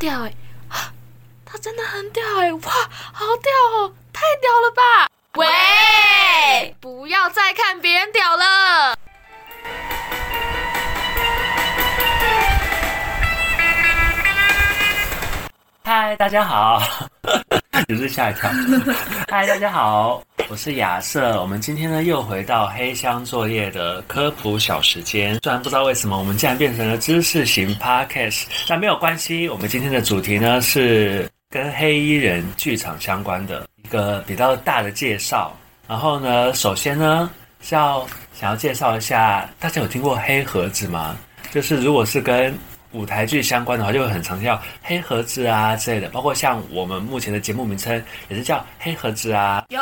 屌哎！吊欸啊、他真的很屌哎！哇，好屌哦，太屌了吧！喂，不要再看別人屌了。嗨，大家好。 只是嚇一跳。 嗨，大家好。我是亞瑟，我們今天呢又回到黑箱作業的科普小時間。雖然不知道為什麼我們竟然變成了知識型 podcast，但沒有關係。我們今天的主題呢是跟黑衣人劇場相關的一個比較大的介紹。然後呢，首先呢是要想要介紹一下，大家有聽過黑盒子嗎？就是如果是跟舞台劇相關的話，就會很常見叫黑盒子啊之類的，包括像我們目前的節目名稱也是叫黑盒子啊。有。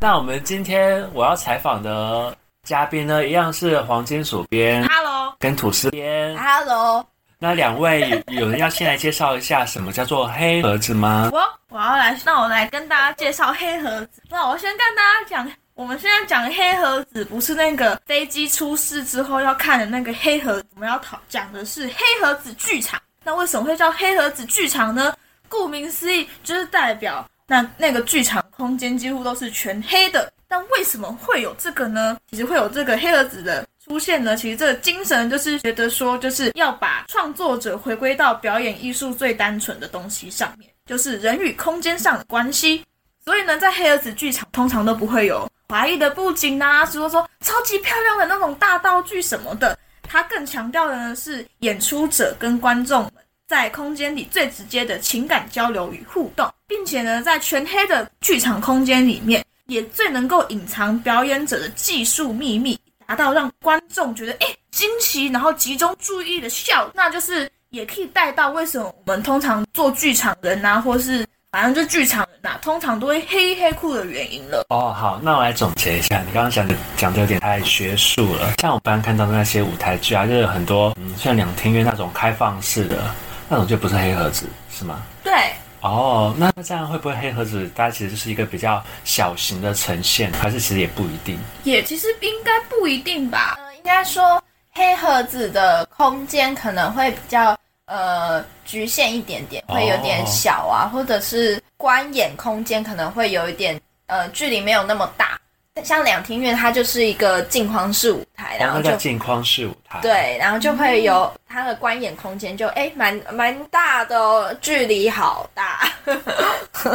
那我們今天我要採訪的嘉賓呢，一樣是黃金鼠編，Hello，跟吐司編，Hello。那兩位有人要先來介紹一下什麼叫做黑盒子嗎？我我要來，那我來跟大家介紹黑盒子。那我先跟大家講，我們現在講黑盒子，不是那個飛機出事之後要看的那個黑盒子，我們要討講的是黑盒子劇場。那為什麼會叫黑盒子劇場呢？顧名思義，就是代表。那那個劇場空間幾乎都是全黑的，但為什麼會有這個呢？其實會有這個黑盒子的出現呢？其實這個精神就是覺得說，就是要把創作者回歸到表演藝術最單純的東西上面，就是人與空間上的關係。所以呢，在黑盒子劇場通常都不會有華麗的布景啊，或者說超級漂亮的那種大道具什麼的。它更強調的呢，是演出者跟觀眾。在空間裡最直接的情感交流與互動，並且呢，在全黑的劇場空間裡面，也最能夠隱藏表演者的技術祕密，達到讓觀眾覺得誒驚、欸、奇，然後集中注意的效果。那就是也可以帶到為什麼我們通常做劇場人吶、啊，或是反正就劇場人吶、啊，通常都會黑黑酷的原因了。哦，好，那我來總結一下，你剛剛講的，講的有點太學術了。像我們剛剛看到的那些舞台劇啊，就是很多嗯，像兩廳院那種開放式的。那種就不是黑盒子，是嗎？對。哦，oh, 那這樣會不會黑盒子，大家其實就是一個比較小型的呈現，還是其實也不一定？也其實應該不一定吧。呃，應該說黑盒子的空間可能會比較呃局限一點點，會有點小啊，oh. 或者是觀演空間可能會有一點呃距離沒有那麼大。像兩廳院，它就是一個鏡框式舞台，然後叫鏡、哦、框式舞台，對，然後就會有它的觀演空間，就哎、嗯，蠻蠻、欸、大的、哦，距離好大， 這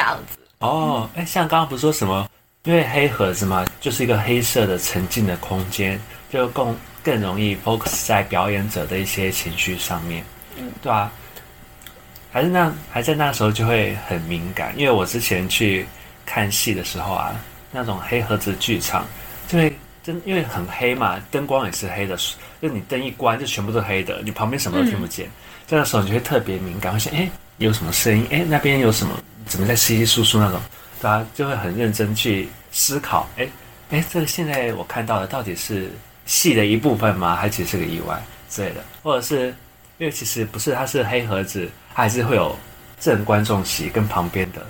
樣子。哦，哎、嗯欸，像剛剛不是說什麼，因為黑盒子嘛，就是一個黑色的沉浸的空間，就更更容易 focus 在表演者的一些情緒上面，嗯，對啊，還是那還在那時候就會很敏感，因為我之前去看戲的時候啊。那種黑盒子劇場，就會真因為很黑嘛，燈光也是黑的，就你燈一關就全部都黑的，你旁邊什麼都聽不見。嗯、這個時候你就會特別敏感，會想：哎、欸，有什麼聲音？哎、欸，那邊有什麼？怎麼在稀稀疏疏那種大家、啊、就會很認真去思考：哎、欸，哎、欸，這個現在我看到的到底是戲的一部分嗎？還只是個意外之類的？或者是因為其實不是，它是黑盒子，它還是會有正觀眾席跟旁邊的。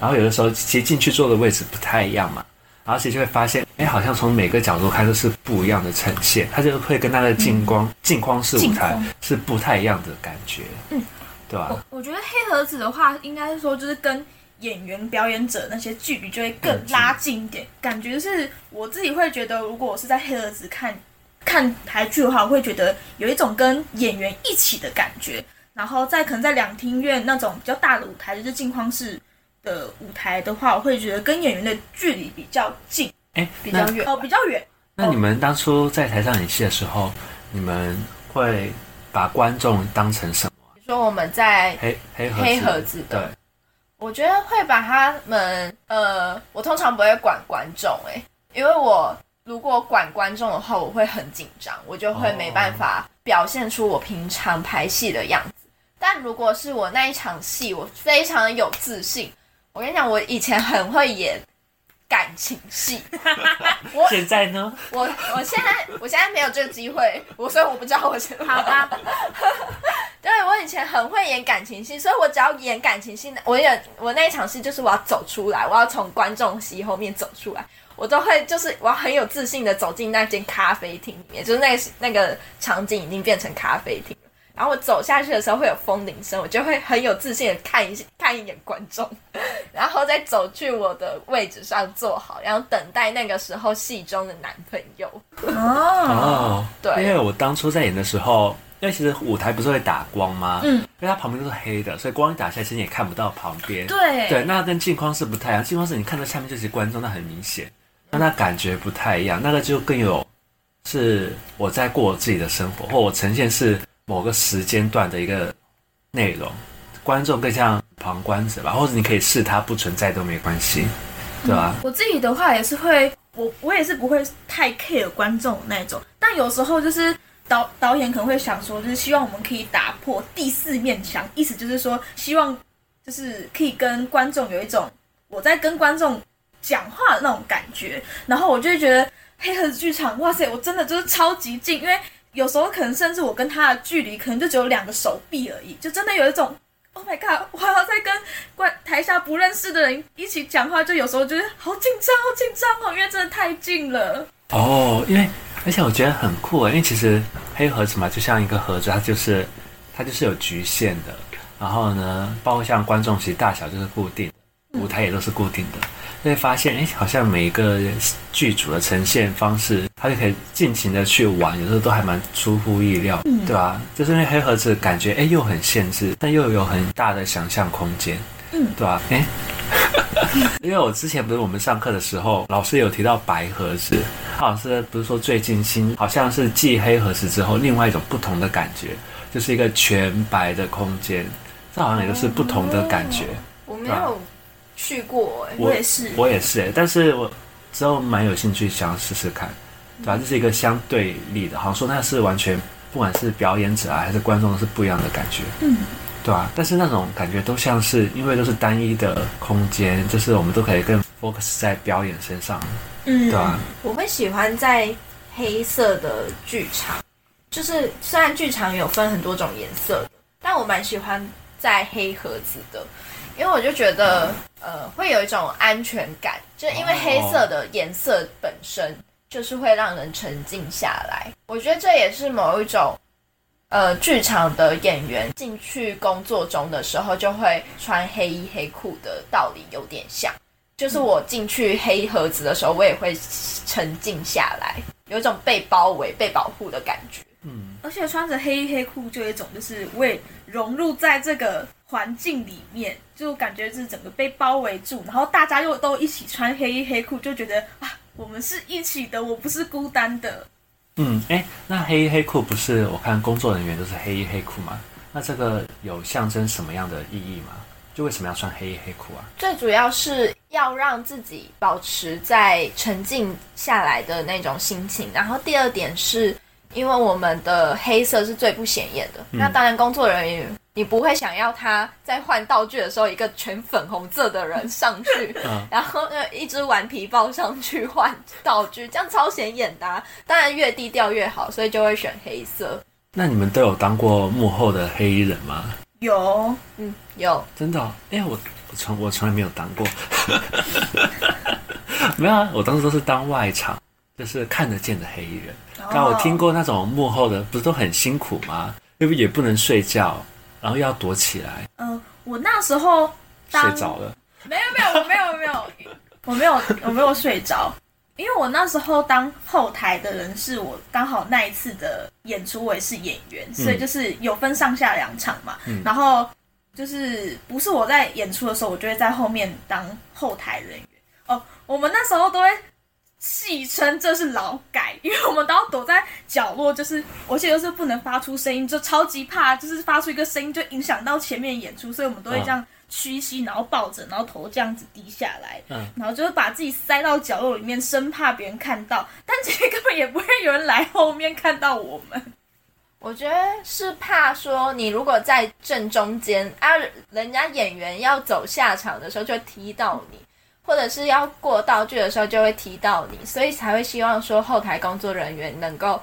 然後有的時候，其實進去坐的位置不太一樣嘛，然後其實就會發現，哎，好像從每個角度看都是不一樣的呈現，它就會跟它的鏡光、鏡框、嗯、式舞台是不太一樣的感覺，嗯光，對吧？我我覺得黑盒子的話，應該是說就是跟演員、表演者那些距離就會更拉近一點，對感覺是，我自己會覺得，如果我是在黑盒子看看台劇的話，我會覺得有一種跟演員一起的感覺，然後在可能在兩廳院那種比較大的舞台就是鏡框式。呃、舞台的話，我會覺得跟演員的距離比較近，哎、欸，比較遠哦，比較遠。那你們當初在台上演戲的時候，哦、你們會把觀眾當成什麼、啊？比如說我們在黑盒黑盒子，對，我覺得會把他們呃，我通常不會管觀眾，哎，因為我如果管觀眾的話，我會很緊張，我就會沒辦法表現出我平常拍戲的樣子。哦、但如果是我那一場戲，我非常有自信。我跟你講，我以前很會演感情戲。 我現在呢？我我現在我現在沒有這個機會，我所以我不知道我現在。好吧 對，我以前很會演感情戲，所以我只要演感情戲，我演我那一場戲，就是我要走出來，我要從觀眾席後面走出來，我都會就是我要很有自信的走進那間咖啡廳裡面，就是那個、那個場景已經變成咖啡廳。然後我走下去的時候會有風鈴聲，我就會很有自信的看一看一眼觀眾，然後再走去我的位置上坐好，然後等待那個時候戲中的男朋友。哦， 對哦，因為我當初在演的時候，因為其實舞台不是會打光嗎？嗯，因為它旁邊都是黑的，所以光一打下來，其實也看不到旁邊。對對，那個、跟鏡框是不太一樣，鏡框是你看到下面這些觀眾，那很明顯，那個、感覺不太一樣，那個就更有是我在過我自己的生活，或我呈現是。某個時間段的一個內容，觀眾更像旁觀者吧，或者你可以視他不存在都沒關係，對吧？嗯，我自己的話也是會，我我也是不會太 care 觀眾的那種，但有時候就是導導演可能會想說，就是希望我們可以打破第四面牆，意思就是說希望就是可以跟觀眾有一種我在跟觀眾講話的那種感覺，然後我就會覺得黑盒子劇場，哇塞，我真的就是超級近，因為。有時候可能甚至我跟他的距離可能就只有兩個手臂而已，就真的有一種，Oh my god！我要在跟台台下不認識的人一起講話，就有時候覺得好緊張，好緊張哦，因為真的太近了。哦，因為而且我覺得很酷耶，因為其實黑盒子嘛，就像一個盒子，它就是它就是有局限的。然後呢，包括像觀眾席大小就是固定的，舞台也都是固定的。會發現，哎、欸，好像每一個劇組的呈現方式，他就可以盡情的去玩，有時候都還蠻出乎意料，嗯、對吧？就是因為黑盒子，感覺哎、欸，又很限制，但又有很大的想象空間，嗯，對吧？哎、欸， 因為我之前不是我們上課的時候，老師有提到白盒子，他老師不是說最近新好像是繼黑盒子之後，另外一種不同的感覺，就是一個全白的空間，這好像也就是不同的感覺，嗯、對吧？我沒有。去過、欸，我也，我也是，我也是，哎，但是我之後蠻有興趣，想要試試看，對吧、啊？這是一個相對立的，好像說那是完全，不管是表演者啊，還是觀眾，都是不一樣的感覺，嗯，對啊，但是那種感覺都像是，因為都是單一的空間，就是我們都可以更 focus 在表演身上，嗯，對啊、嗯，我會喜歡在黑色的劇場，就是雖然劇場有分很多種顏色，但我蠻喜歡在黑盒子的。因為我就覺得，呃，會有一種安全感，就因為黑色的顏色本身就是會讓人沉靜下來。我覺得這也是某一種，呃，劇場的演員進去工作中的時候就會穿黑衣黑褲的道理有點像。就是我進去黑盒子的時候，我也會沉靜下來，有一種被包圍、被保護的感覺。而且穿着黑衣黑褲就有一種，就是為融入在這個環境裡面，就感覺就是整個被包圍住。然後大家又都一起穿黑衣黑褲，就覺得啊，我們是一起的，我不是孤單的。嗯，哎、欸，那黑衣黑褲不是我看工作人員都是黑衣黑褲嗎？那這個有象徵什麼樣的意義嗎？就為什麼要穿黑衣黑褲啊？最主要是要讓自己保持在沉靜下來的那種心情，然後第二點是。因為我們的黑色是最不顯眼的，嗯、那當然工作人員你不會想要他在換道具的時候一個全粉紅色的人上去，啊、然後呃一隻頑皮豹上去換道具，這樣超顯眼的、啊。當然越低調越好，所以就會選黑色。那你們都有當過幕後的黑衣人嗎？有，嗯，有，真的、哦？哎、欸，我從我從來沒有當過， 沒有啊，我當時都是當外場，就是看得見的黑衣人。剛好我聽過那種幕後的，oh. 不是都很辛苦嗎？又不也不能睡覺，然後又要躲起來。嗯、呃，我那時候睡着了沒，沒有沒有我沒有沒有我沒有我沒有，我沒有睡着因為我那時候當後台的人是我剛好那一次的演出，我也是演員，所以就是有分上下兩場嘛。嗯、然後就是不是我在演出的時候，我就會在後面當後台人員。哦、呃，我們那時候都會。戲稱這是勞改，因為我們都要躲在角落，就是我現在就是不能發出聲音，就超級怕，就是發出一個聲音就影響到前面演出，所以我們都會這樣屈膝，然後抱着，然後頭這樣子低下來，嗯，然後就是把自己塞到角落裡面，生怕別人看到，但其實根本也不會有人來後面看到我們。我覺得是怕說你如果在正中間啊，人家演員要走下場的時候就會踢到你。或者是要過道具的時候，就會踢到你，所以才會希望說後台工作人員能夠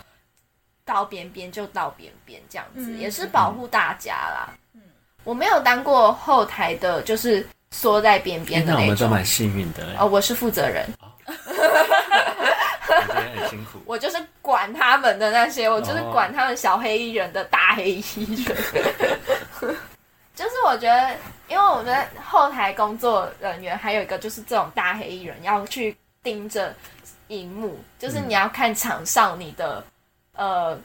到邊邊就到邊邊這樣子，嗯、也是保護大家啦。嗯，我沒有當過後台的，就是縮在邊邊的那種。我們都蠻幸運的、欸。哦，我是負責人。我哈哈很辛苦。我就是管他們的那些，我就是管他們小黑衣人的大黑衣人。哦 就是我覺得，因為我們後台工作人員還有一個，就是這種大黑衣人要去盯着熒幕，就是你要看場上你的呃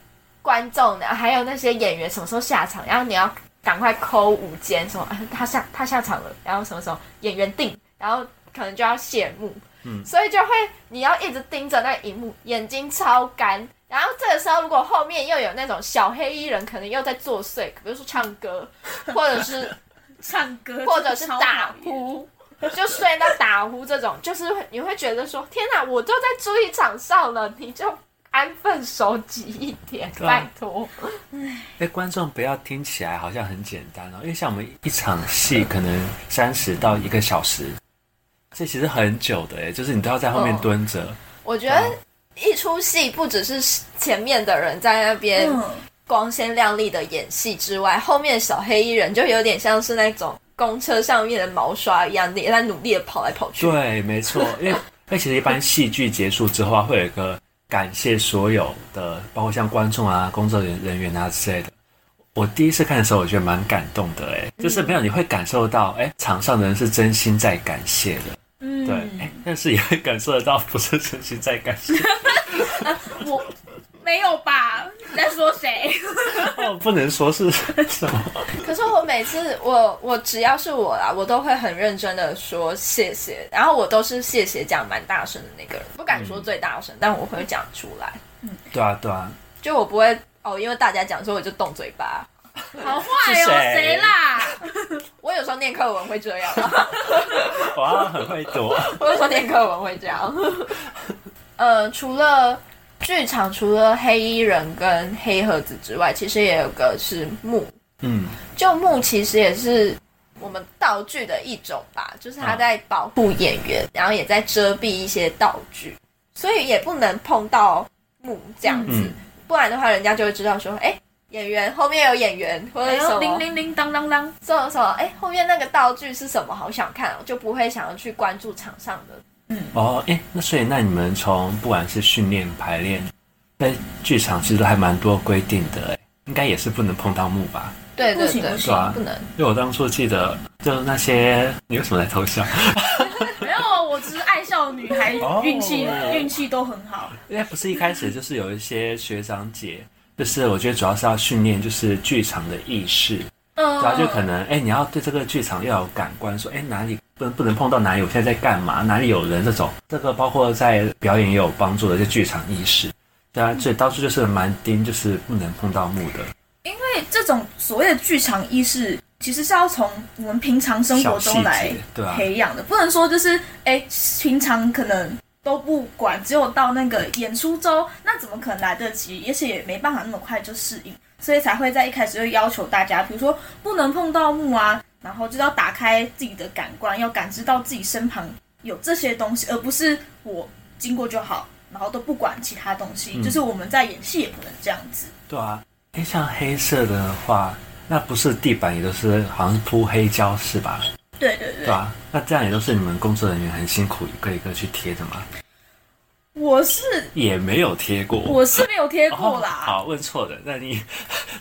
觀眾，還有那些演員什麼時候下場，然後你要趕快摳五間，說麼、啊，他下他下場了，然後什麼時候演員定，然後可能就要謝幕，嗯，所以就會你要一直盯着那熒幕，眼睛超乾。然後這個時候，如果後面又有那種小黑衣人，可能又在作祟，比如說唱歌，或者是唱歌，或者是打呼，就睡到打呼這種，就是你會覺得說：“天哪，我都在注意場上了，你就安分守己一點，拜托。對啊”哎、欸，觀眾不要聽起來好像很簡單哦，因為像我們一場戲可能三十到一個小時，這其實很久的哎，就是你都要在後面蹲着。嗯、我覺得。一齣戲不只是前面的人在那邊光鮮亮麗的演戲之外，嗯、後面小黑衣人就有點像是那種公車上面的毛刷一樣，你也在努力的跑來跑去。對，沒錯。 因為那其實一般戲劇結束之後、啊，會有一個感謝所有的，包括像觀眾啊、工作人員啊之類的。我第一次看的時候，我覺得蠻感動的、欸。哎、嗯，就是沒有你會感受到，哎、欸，場上的人是真心在感謝的。嗯，對。但是也會感受得到，不是真心在感謝。我沒有吧？在說誰？我、 哦、不能說是什麼。 可是我每次，我我只要是我啦，我都會很認真的說謝謝，然後我都是謝謝講蠻大聲的那個人，不敢說最大聲，嗯、但我會講出來。嗯，對啊，對啊，就我不會哦，因為大家講，所以我就動嘴巴。好壞哦，誰誰誰啦？ 我有時候念課文、啊 wow, 啊、文會這樣。我好很會躲。我有時候念課文會這樣。呃，除了劇場，除了黑衣人跟黑盒子之外，其實也有個是幕。嗯，就幕其實也是我們道具的一種吧，就是它在保護演員，啊、然後也在遮蔽一些道具，所以也不能碰到幕這樣子，嗯、不然的話，人家就會知道說，哎、欸。演員後面有演員，或者什叮叮叮當當當這種說：「哎，後面那個道具是什麼？好想看，就不會想要去關注場上的。嗯哦，哎，那所以那你們從不管是訓練排練，在劇場其實都還蠻多規定的。哎，應該也是不能碰到木吧？對對對，是吧？不能。因為我當初記得，就是那些你為什麼來偷笑？沒有，我只是愛笑的女孩，運氣運氣都很好。因為不是一開始就是有一些學長姐，就是我覺得主要是要訓練，就是劇場的意識，嗯，然後就可能哎、欸，你要對這個劇場要有感官，說哎、欸、哪裡不能不能碰到哪裡，我現在在幹嘛，哪裡有人這種，這個包括在表演也有幫助的，就劇場意識，對啊，嗯、所以當初就是蠻丁就是不能碰到幕的，因為這種所謂的劇場意識，其實是要從我們平常生活中來培養的，啊、不能說就是哎，平常可能。都不管，只有到那個演出週，那怎麼可能來得及？也許也沒辦法那麼快就適應，所以才會在一開始就要求大家，比如說不能碰到幕啊，然後就要打開自己的感官，要感知到自己身旁有這些東西，而不是我經過就好，然後都不管其他東西。嗯、就是我們在演戲也不能這樣子。對啊，像黑色的話，那不是地板也就是好像鋪黑膠是吧？對對對,對啊，啊那這樣也都是你們工作人員很辛苦，一個一個去貼的嗎？我是也沒有貼過， 我是沒有貼過啦。哦、好，問錯的。那你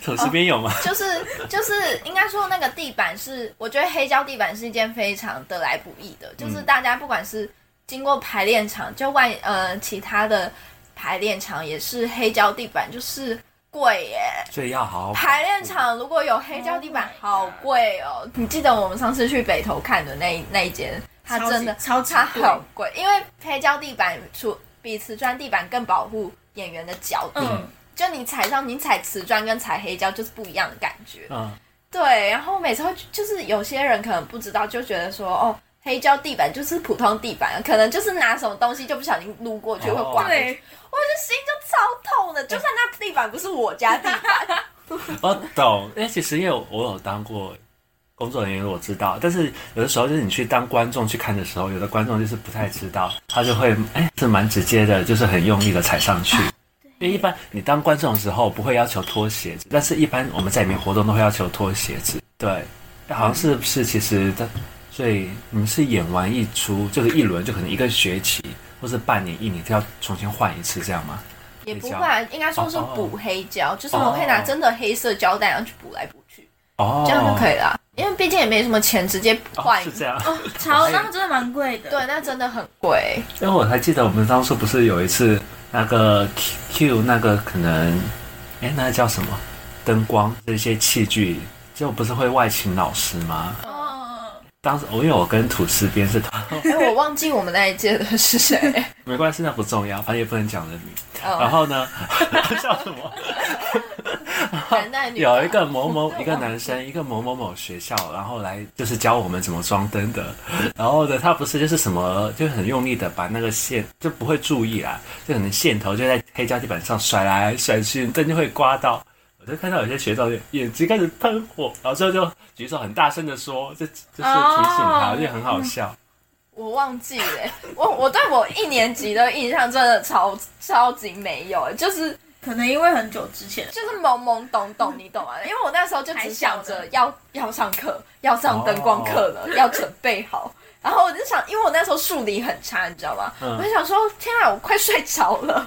手這邊有嗎？就是、哦、就是，就是、應該說那個地板是，我覺得黑膠地板是一件非常得來不易的，就是大家不管是經過排練場，就外呃其他的排練場也是黑膠地板，就是。貴耶，欸、所以要好好排練場。如果有黑膠地板好，喔，好貴哦。你記得我們上次去北投看的那一那一間，它真的超差，超它好貴。因為黑膠地板除比瓷磚地板更保護演員的腳底，嗯、就你踩上你踩瓷磚跟踩黑膠就是不一樣的感覺。嗯，對。然後每次會就是有些人可能不知道，就覺得說哦。黑膠地板就是普通地板，可能就是拿什麼東西就不小心擼過去，oh, 會刮。對，我的心就超痛的。 就算那地板不是我家地板， 我懂。為、欸、其實因為我，我有當過工作人員，我知道。但是有的時候就是你去當觀眾去看的時候，有的觀眾就是不太知道，他就會哎、欸、是蠻直接的，就是很用力的踩上去。 對因為一般你當觀眾的時候不會要求脫鞋子，但是一般我們在裡面活動都會要求脫鞋子。對，好像是不，嗯、是？其實對，你們是演完一齣，就、這、是、個、一輪，就可能一個學期或是半年、一年，都要重新換一次這樣嗎？也不換，應該說是補黑膠，哦、就是我可以拿真的黑色膠帶，然後去補來補去，哦、這樣就可以了。因為畢竟也沒什麼錢，直接換、哦、是這樣。哦，超，那個、真的蠻貴的。 對，那真的很貴。因為我還記得我們當初不是有一次那個 Q Q 那個可能，哎，那個、叫什麼？燈光這些器具，就不是會外請老師嗎？哦當時我因為我跟土司邊是同，哎，我忘記我們那一屆的是誰，沒關係，那不重要，反正也不能講人名。Oh. 然後呢，叫 什麼？有一個某某一個男生，一個某某某學校，然後來就是教我們怎麼裝燈的。然後呢，他不是就是什麼，就很用力的把那個線就不會注意啦，就可能線頭就在黑膠地板上甩來甩去，燈就會刮到。就看到有些學長眼睛開始噴火，然後之後就舉手很大聲的說，就就是提醒他，就、oh, 很好笑、嗯。我忘記了，我我對我一年級的印象真的超超級沒有，就是可能因為很久之前，就是懵懵懂懂，嗯、你懂嗎、啊？因為我那時候就只想着要要上課，要上燈光課了，oh. 要準備好。然後我就想，因為我那時候數理很差，你知道嗎？嗯、我就想說，天啊，我快睡着了。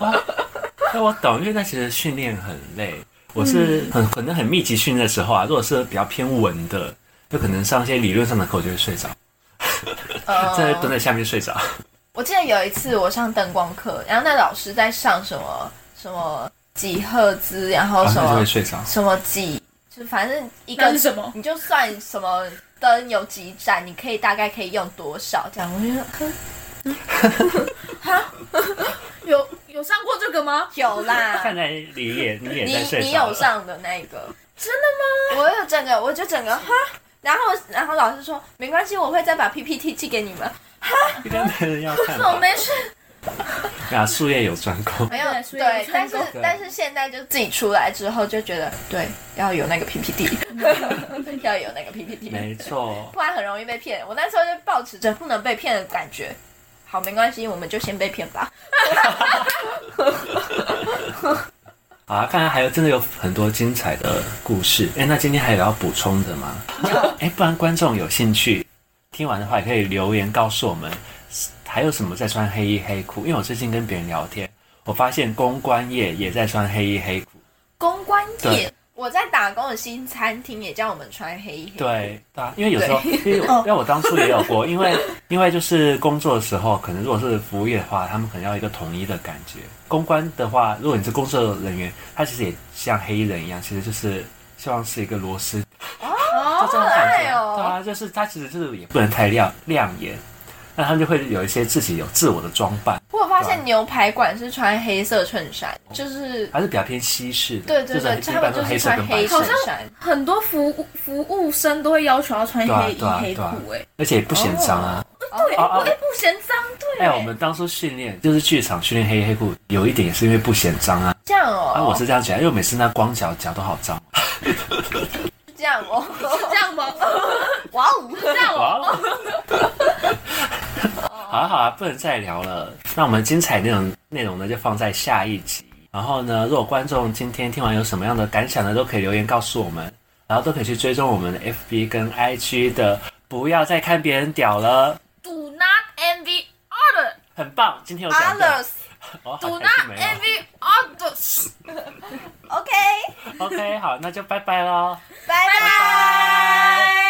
那、oh. 我懂，因為那其實訓練很累。我是很、嗯、可能很密集訓練的時候啊，如果是比較偏文的，就可能上一些理論上的課，我就會睡着，在 蹲在下面睡着。Uh, 我記得有一次我上燈光課，然後那老師在上什麼什麼幾赫茲，然後什麼、啊、會睡着，什麼幾就是反正一根什麼，你就算什麼燈有幾盞，你可以大概可以用多少這樣我就，我覺得呵，哈哈，有。我上過這個嗎？有啦，看來你也你你你有上的那個，真的嗎？我有整個，我就整個哈，然後然後老師說沒關係，我會再把 PPT 寄給你們哈，跟男人要看嗎？沒事，啊，術業有專攻，沒有對，但是但是現在就自己出來之後就覺得對，要有那個 PPT、要有那個 PPT，沒錯，不然很容易被騙。我那時候就抱持着不能被騙的感覺。好，沒關係，我們就先被騙吧。 好啊，看來還有真的有很多精彩的故事。哎、欸，那今天還有要補充的嗎？哎、 欸，不然觀眾有興趣聽完的話，也可以留言告訴我們還有什麼在穿黑衣黑褲。因為我最近跟別人聊天，我發現公關業也在穿黑衣黑褲。公關業。我在打工的新餐廳也叫我們穿黑衣服。對，對、啊，因為有時候，對因為因為 我當初也有過，因為因為就是工作的時候，可能如果是服務業的話，他們可能要一個統一的感覺。公關的話，如果你是工作人員，他其實也像黑衣人一樣，其實就是希望是一個螺絲。Oh, 就這種感覺。Oh. 對啊，就是他其實就是也不能太亮亮眼，那他們就會有一些自己有自我的裝扮。我發現牛排館是穿黑色襯衫，就是還是比較偏西式的。對對對，他們就是穿黑色襯衫。很多服服務生都會要求要穿黑衣黑褲，哎，而且也不嫌髒啊。對，啊，也不嫌髒，對。哎，我們當初訓練就是劇場訓練黑衣黑褲，有一點也是因為不嫌髒啊。這樣哦。啊，我是這樣講，因為每次那光腳腳都好髒。是這樣哦？是這樣嗎？哇哦，哦！好了、啊、好了、啊、不能再聊了。那我們精彩的內容內容呢，就放在下一集。然後呢，如果觀眾今天聽完有什麼樣的感想呢，都可以留言告訴我們。然後都可以去追蹤我們的 FB 跟 IG 的。不要再看別人屌了。Do not envy others。很棒，今天有什麼 Others Do not envy others。 OK。OK，好，那就拜拜嘍。拜拜。